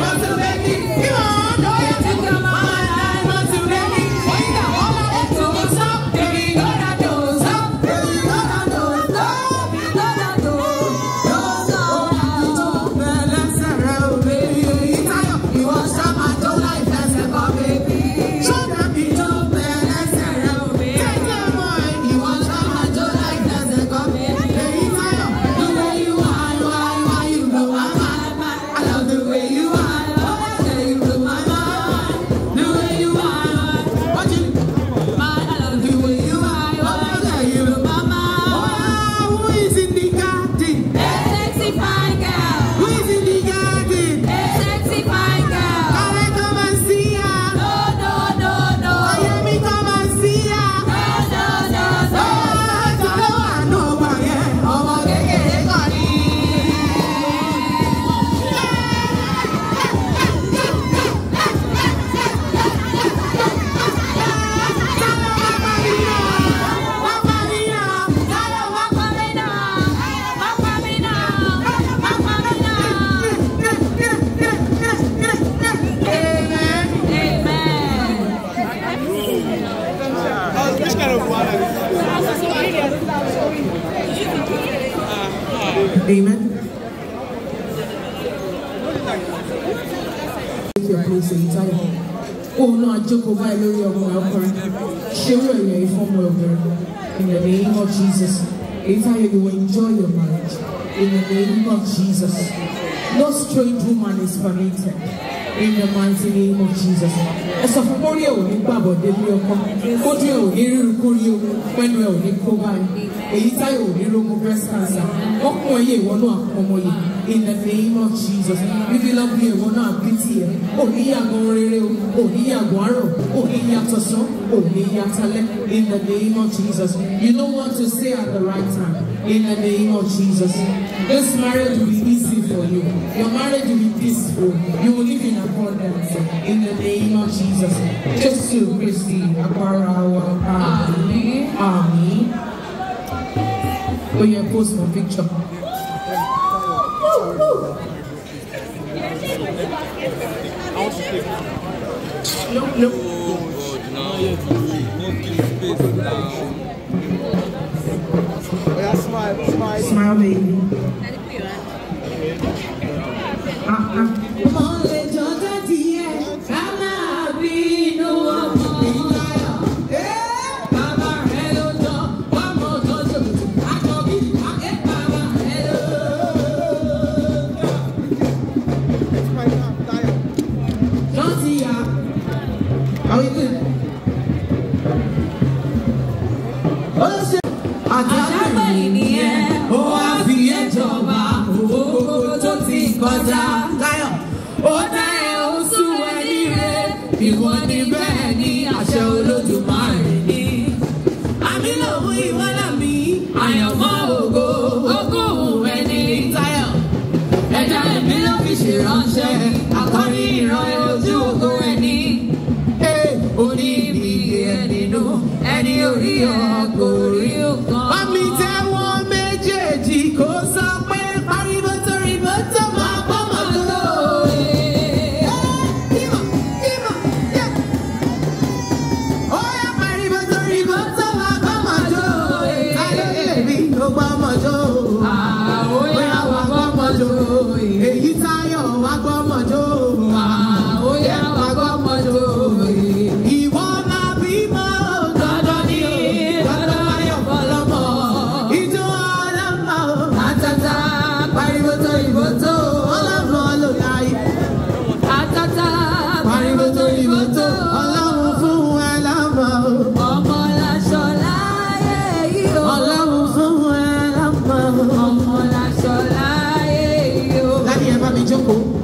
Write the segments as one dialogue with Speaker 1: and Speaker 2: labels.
Speaker 1: Maserati. It's how you will enjoy your marriage. In the name of Jesus. No strange woman is permitted in the mighty name of Jesus. as a fún kórí ẹ̀ ò ní gbàbọ̀ délé ọkọ, kójú ẹ̀ ò ní rírun kórí o, pẹ́nu ẹ̀ ò ní kó báyìí. Èyí táyọ̀ ò ní rogun breast cancer, wọ́n kún ẹyẹ ìwọ In the name of Jesus, bíbí lọ bí ìwọ náà bí tiẹ̀, ò ní yàgò rere o, ò ní yàgò oh ò ní yàtọ̀ sán, ò ní yàtọ̀lẹ̀. In the name of Jesus, you know what to say at the right time. In the name of Jesus, this marriage will be easy for you. Your marriage will be peaceful. Jesus. Chesu Christi agbára wa àmín àmín. We yẹ post for picture. No, Oh, God, no. àbí lòun ìwọ́lá mi àyànmọ́ o.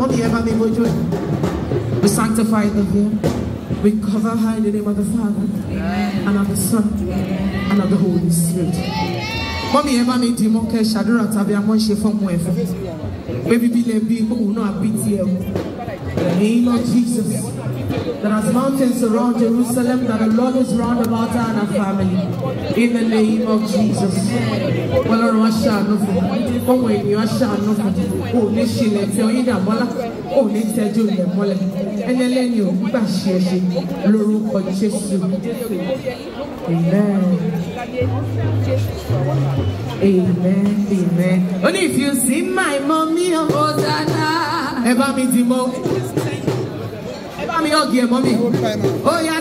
Speaker 1: on the ever name of you. We sanctify the here. We cover her in the name of the Father Amen. and of the Son Amen. and of the Holy Spirit. Mommy ever made him shadow at abia Monshe from where. Baby be and B, who will not be In the name of Jesus. that as mountains around Jerusalem, that the Lord is round about her and her family. In the name of Jesus. Ọlọ́run wá ṣàánú fún mi, ọmọ ènìyàn ṣàánú oh, mi, ò ní ṣílẹ̀ fi ọyìn oh, ò ní tẹ́jú ilẹ̀ mọ́lẹ̀, ẹni ẹlẹ́ni ò gbà ṣe é ṣe lórúkọ Jésù. Amen. Amen. Amen. Only if you see my mommy, oh, Ẹ bá mi dì oh me hug here, mommy. Oh yeah.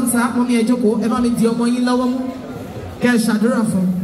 Speaker 1: ọlọ́run sá mọ́mí ẹ jókòó ẹ bá mi di ọmọ yín lọ́wọ́ mú kẹ́ ẹ ṣàdúrà fún un.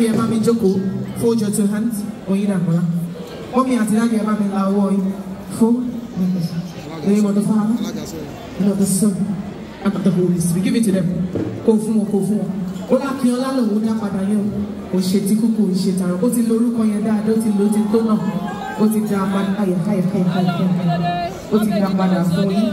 Speaker 1: pé ẹ bá Joko. jókòó fold your two hands oyin dàgbọ́lá mọ́mí àti dáàdì ẹ bá mi la ọwọ́ yín fún ẹ̀yin wọ́n tó fún ara ẹ̀yin wọ́n tó sọ and the holy spirit give it to them kò fún wọn kò fún wọn ó lápẹ́ ọlá lòun o ṣe tí kúkú o ṣe tààrà ó ti lo orúkọ yẹn dáadáa ó ti lo ti tó náà ó ti dá padà ayẹ ayẹ ayẹ ayẹ ó ti dá padà fún yín.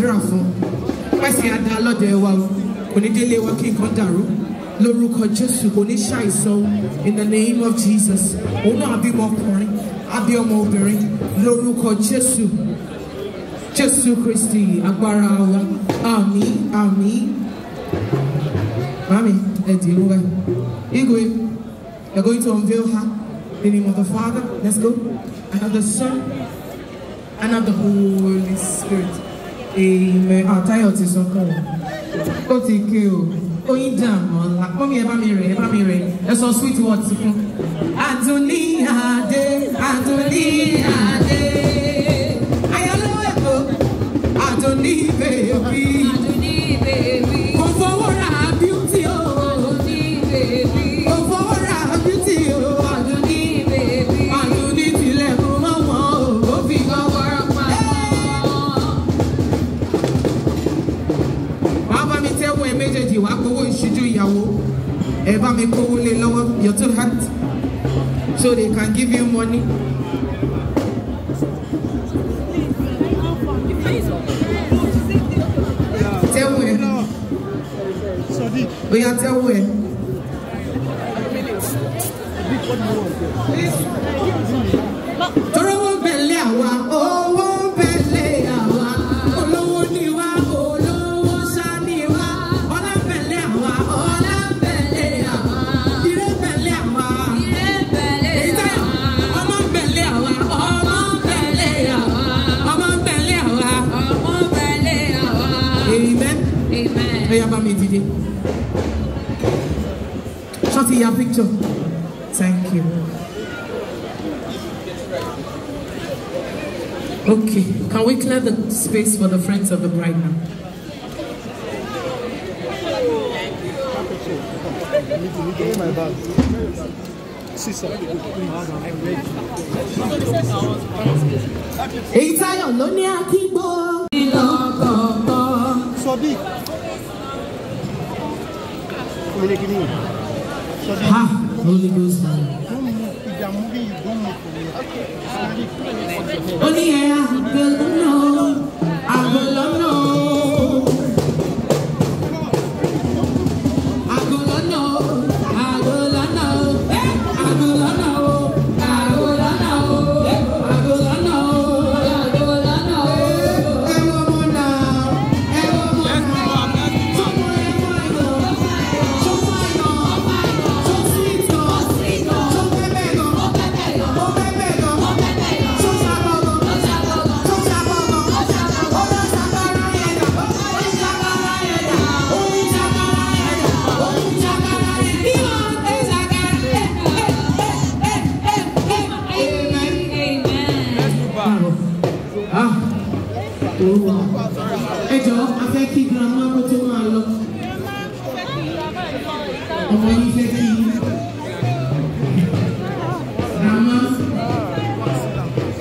Speaker 1: gbàdúrà fún pẹ̀sẹ̀ adá lọ́dọ̀ wa o wa kí nǹkan dàrú lórúkọ Jésù kò in the name of Jesus òun náà bí ọmọkùnrin àbí ọmọ obìnrin lórúkọ Jésù Jésù Kristi agbára wa àmín àmín mami ẹ dì í mú báyìí igwe you are going to unveil her in the name of the Father let's go and of the Son and of the Holy Spirit. èèmẹ̀ àtayọ̀ ah, ti sunkún o ó ti ké o oyin dààmú ọ̀la mọ́mí ẹ bá mi rẹ̀ ẹ bá mi rẹ̀ ẹ sọ sweet word fún. àdùnní àdé àdùnní àdé ayọ̀lọ́wọ́ ẹ̀kọ́ àdùnní bèbí. ẹ bá mi kówó lé lọ́wọ́ your two hands so they can give you money. tẹ́wọ̀ ẹ̀ oya tẹ́wọ̀ ẹ̀. tọ́rọ́wọ́ bẹ̀lẹ́ àwa ó. Oh. Hey, I'm me, DJ. Shorty, your picture. Thank you. Okay, can we clear the space for the friends of the bride now? Èyí táyọ̀ ọkùnrin kìíní yìí. ha holy ghost man. ó ní ẹ̀yà gbẹ̀gbẹ̀ náà àgbẹ̀lọ́mọ.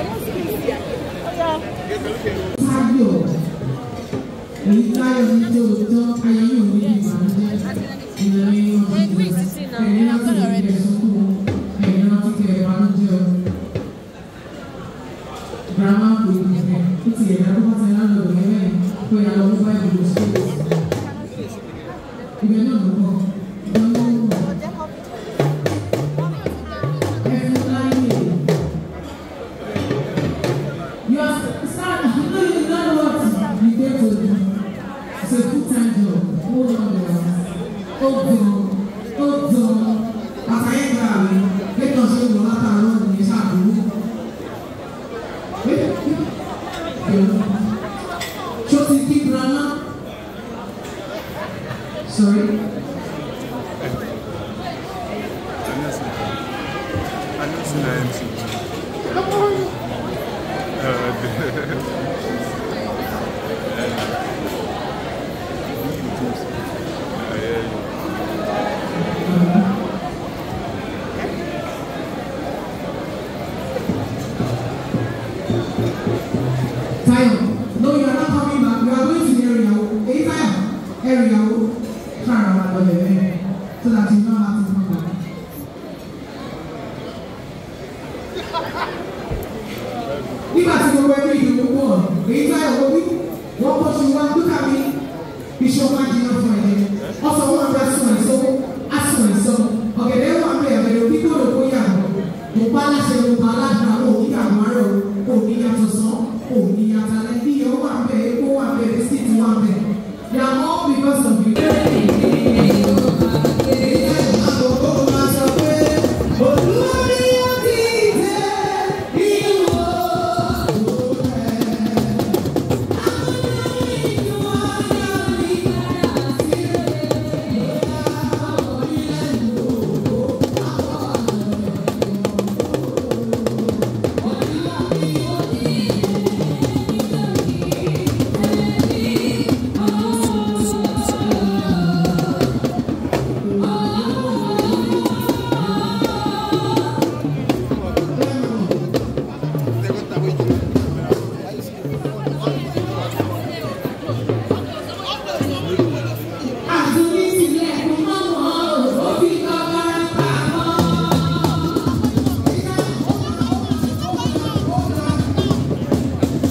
Speaker 1: Fábíò, èyí táyọ̀ ní tí òótọ́ ayé 어